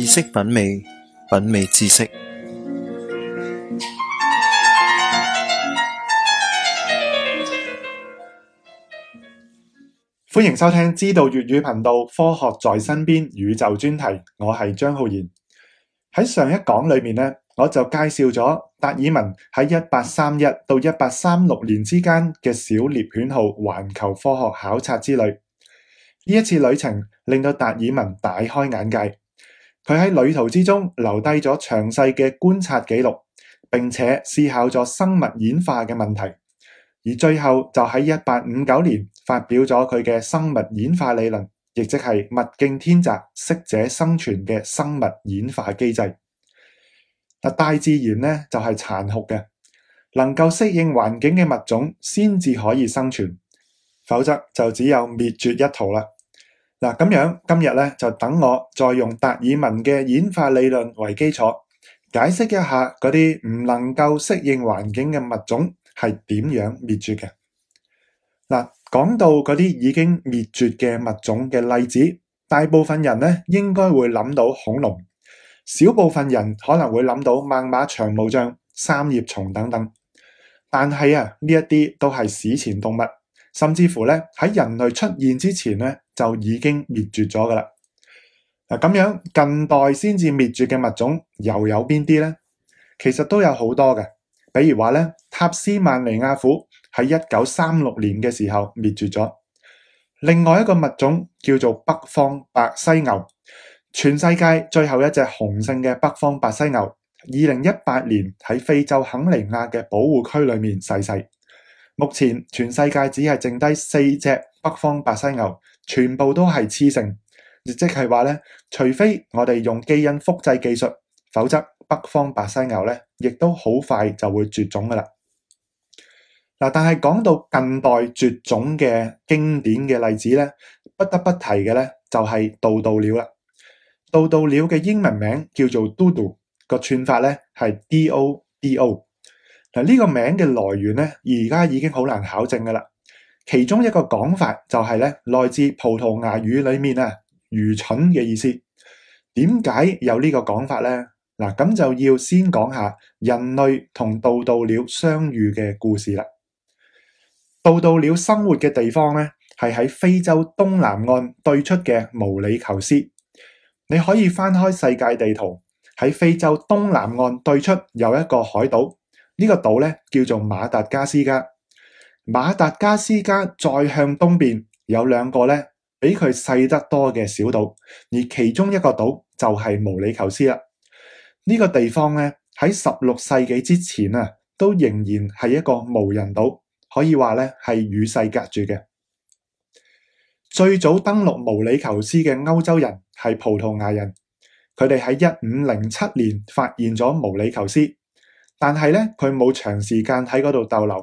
知識品味，品味知識。歡迎收聽《知道粵語》頻道《科學在身邊》宇宙專題。我係張浩然。喺上一講裏面呢，我就介紹咗達爾文喺一八三一到一八三六年之間嘅小獵犬號環球科學考察之旅。呢一次旅程令到達爾文大開眼界。佢喺旅途之中留低咗詳細嘅觀察記錄，並且思考咗生物演化嘅問題，而最後就喺一八五九年發表咗佢嘅生物演化理論，亦即係物競天擇、適者生存嘅生物演化機制。嗱，大自然呢就係殘酷嘅，能夠適應環境嘅物種先至可以生存，否則就只有滅絕一途啦。嗱，咁樣今日咧就等我再用達爾文嘅演化理論為基礎，解釋一下嗰啲唔能夠適應環境嘅物種係點樣滅絕嘅。嗱，講到嗰啲已經滅絕嘅物種嘅例子，大部分人咧應該會諗到恐龍，少部分人可能會諗到猛獁長毛象、三葉蟲等等。但係啊，呢一啲都係史前動物，甚至乎咧喺人類出現之前咧，就已經滅絕咗㗎喇。嗱，咁樣近代先至滅絕嘅物種又有邊啲呢？其實都有好多嘅，比如話咧，塔斯曼尼亞虎喺一九三六年嘅時候滅絕咗。另外一個物種叫做北方白犀牛，全世界最後一隻雄性嘅北方白犀牛，二零一八年喺非洲肯尼亞嘅保護區裏面逝世。目前全世界只係剩低四隻北方白犀牛。全部都係雌性，亦即係話咧，除非我哋用基因複製技術，否則北方白犀牛咧，亦都好快就會絕種噶啦。嗱，但係講到近代絕種嘅經典嘅例子咧，不得不提嘅咧，就係渡渡鳥啦。渡渡鳥嘅英文名叫做 Dodo，oo，個串法咧係 D-O-D-O。嗱，呢個名嘅來源咧，而家已經好難考證噶啦。其中一個講法就係咧，來自葡萄牙語裏面啊，愚蠢嘅意思。點解有呢個講法呢？嗱，咁就要先講下人類同渡渡鳥相遇嘅故事啦。渡渡鳥生活嘅地方呢，係喺非洲東南岸對出嘅毛里求斯。你可以翻開世界地圖，喺非洲東南岸對出有一個海島，呢個島呢，叫做馬達加斯加。馬達加斯加再向東邊有兩個咧，比佢細得多嘅小島，而其中一個島就係毛里求斯啦。呢、這個地方咧喺十六世紀之前啊，都仍然係一個無人島，可以話咧係與世隔絕嘅。最早登陸毛里求斯嘅歐洲人係葡萄牙人，佢哋喺一五零七年發現咗毛里求斯，但係咧佢冇長時間喺嗰度逗留。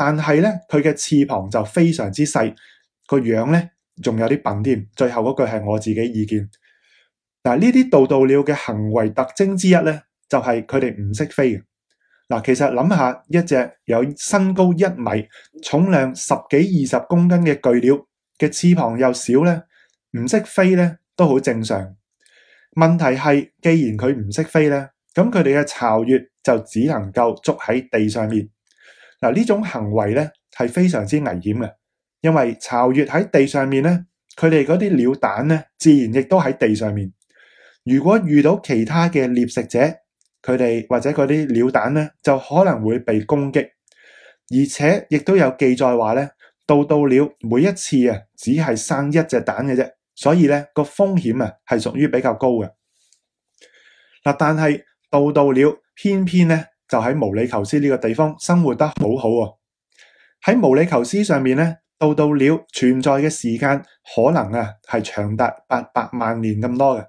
但係咧，佢嘅翅膀就非常之細，個樣呢咧仲有啲笨添。最後嗰句係我自己意見。嗱，呢啲渡渡鳥嘅行為特徵之一咧，就係佢哋唔識飛。嗱，其實諗下，一隻有身高一米、重量十幾二十公斤嘅巨鳥嘅翅膀又少咧，唔識飛咧都好正常。問題係，既然佢唔識飛咧，咁佢哋嘅巢穴就只能夠築喺地上面。嗱，呢種行為咧係非常之危險嘅，因為巢穴喺地上面咧，佢哋嗰啲鳥蛋咧自然亦都喺地上面。如果遇到其他嘅獵食者，佢哋或者嗰啲鳥蛋咧就可能會被攻擊，而且亦都有記載話咧，渡渡鳥每一次啊只係生一隻蛋嘅啫，所以咧個風險啊係屬於比較高嘅。嗱，但係渡渡鳥偏偏咧，就喺毛里求斯呢個地方生活得好好喎。喺毛里求斯上面咧，渡渡鳥存在嘅時間可能啊係長達八百萬年咁多嘅。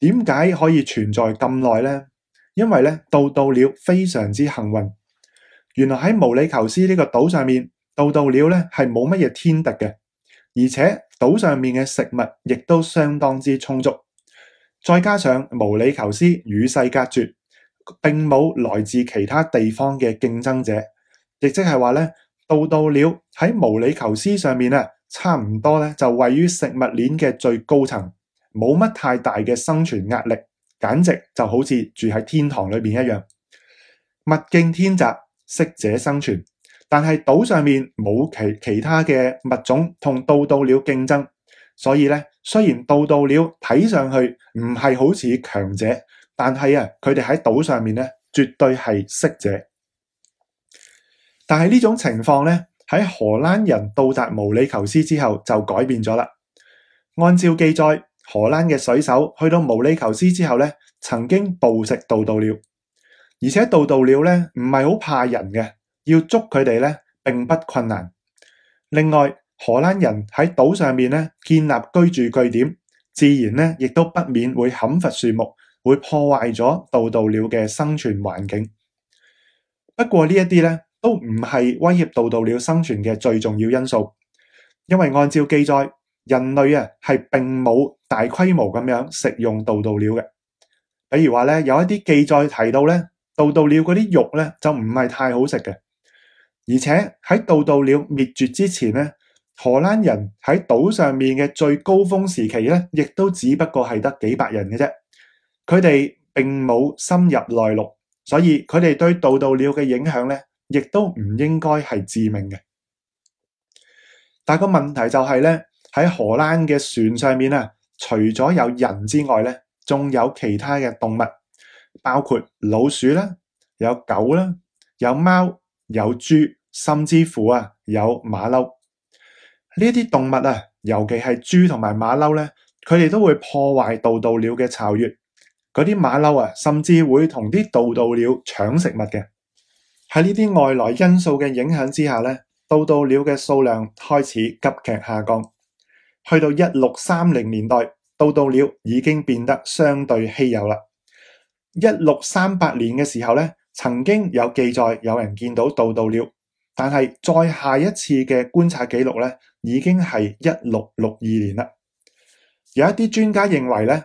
點解可以存在咁耐呢？因為咧渡渡鳥非常之幸運。原來喺毛里求斯呢個島上面，渡渡鳥咧係冇乜嘢天敵嘅，而且島上面嘅食物亦都相當之充足。再加上毛里求斯與世隔絕。並冇來自其他地方嘅競爭者，亦即係話咧，渡渡鳥喺毛里求斯上面咧，差唔多咧就位於食物鏈嘅最高層，冇乜太大嘅生存壓力，簡直就好似住喺天堂裏面一樣。物競天擇，適者生存，但係島上面冇其其他嘅物種同渡渡鳥競爭，所以咧雖然渡渡鳥睇上去唔係好似強者。但係啊，佢哋喺島上面咧，絕對係適者。但係呢種情況咧，喺荷蘭人到達毛里求斯之後就改變咗啦。按照記載，荷蘭嘅水手去到毛里求斯之後咧，曾經捕食渡渡鳥，而且渡渡鳥咧唔係好怕人嘅，要捉佢哋咧，並不困難。另外，荷蘭人喺島上面咧建立居住據點，自然咧亦都不免會砍伐樹木。會破壞咗渡渡鳥嘅生存環境。不過呢一啲咧，都唔係威脅渡渡鳥生存嘅最重要因素，因為按照記載，人類啊係並冇大規模咁樣食用渡渡鳥嘅。比如話咧，有一啲記載提到咧，渡渡鳥嗰啲肉咧，就唔係太好食嘅，而且喺渡渡鳥滅絕之前咧，荷蘭人喺島上面嘅最高峰時期咧，亦都只不過係得幾百人嘅啫。佢哋並冇深入內陸，所以佢哋對渡渡鳥嘅影響咧，亦都唔應該係致命嘅。但係個問題就係咧，喺荷蘭嘅船上面啊，除咗有人之外咧，仲有其他嘅動物，包括老鼠啦，有狗啦，有貓，有豬，有豬，甚至乎啊有馬騮。呢啲動物啊，尤其係豬同埋馬騮咧，佢哋都會破壞渡渡鳥嘅巢穴。嗰啲馬騮啊，貓貓甚至會同啲渡渡鳥搶食物嘅。喺呢啲外來因素嘅影響之下咧，渡渡鳥嘅數量開始急劇下降，去到一六三零年代，渡渡鳥已經變得相對稀有啦。一六三八年嘅時候咧，曾經有記載有人見到渡渡鳥，但係再下一次嘅觀察記錄咧，已經係一六六二年啦。有一啲專家認為咧。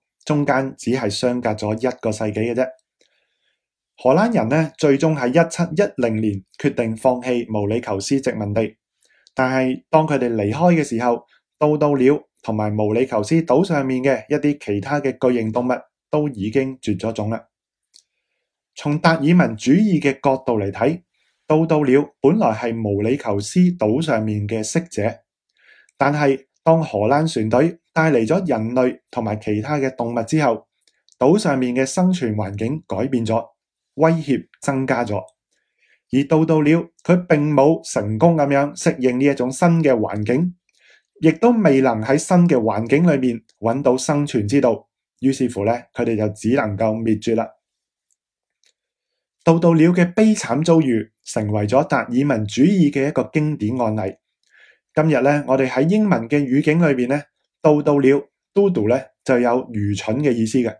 中間只係相隔咗一個世紀嘅啫。荷蘭人呢，最終喺一七一零年決定放棄毛里求斯殖民地，但係當佢哋離開嘅時候，渡渡鳥同埋毛里求斯島上面嘅一啲其他嘅巨型動物都已經絕咗種啦。從達爾文主義嘅角度嚟睇，渡渡鳥本來係毛里求斯島上面嘅適者，但係當荷蘭船隊帶嚟咗人類同埋其他嘅動物之後，島上面嘅生存環境改變咗，威脅增加咗。而渡渡鳥佢並冇成功咁樣適應呢一種新嘅環境，亦都未能喺新嘅環境裏面揾到生存之道。於是乎呢，佢哋就只能夠滅絕啦。渡渡鳥嘅悲慘遭遇，成為咗達爾文主義嘅一個經典案例。今日呢，我哋喺英文嘅語境裏邊呢。渡渡鳥，嘟嘟咧就有愚蠢嘅意思嘅。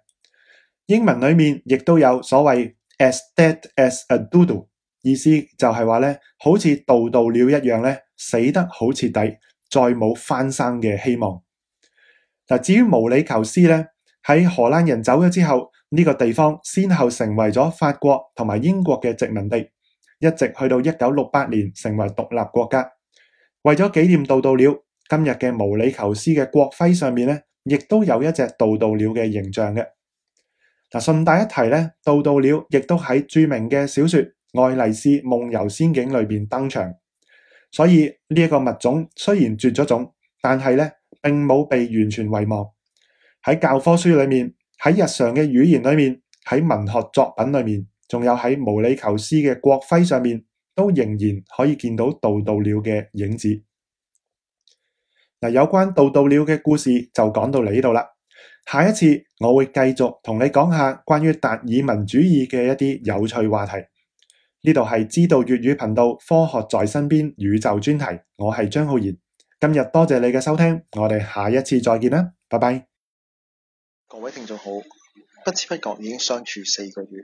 英文裏面亦都有所謂 as dead as a dodo，意思就係話咧，好似渡渡鳥一樣咧，死得好徹底，再冇翻生嘅希望。嗱，至於毛里求斯咧，喺荷蘭人走咗之後，呢個地方先後成為咗法國同埋英國嘅殖民地，一直去到一九六八年成為獨立國家。為咗紀念渡渡鳥。今日嘅毛里求斯嘅國徽上面咧，亦都有一隻渡渡鳥嘅形象嘅。嗱，順帶一提咧，渡渡鳥亦都喺著名嘅小說《愛麗絲夢遊仙境》裏邊登場。所以呢一個物種雖然絕咗種，但係咧，並冇被完全遺忘。喺教科書裏面、喺日常嘅語言裏面、喺文學作品裏面，仲有喺毛里求斯嘅國徽上面，都仍然可以見到渡渡鳥嘅影子。嗱，有關渡渡鳥嘅故事就講到你呢度啦。下一次我會繼續同你講下關於達爾文主義嘅一啲有趣話題。呢度係知道粵語頻道科學在身邊宇宙專題，我係張浩然。今日多謝你嘅收聽，我哋下一次再見啦，拜拜。各位聽眾好，不知不覺已經相處四個月。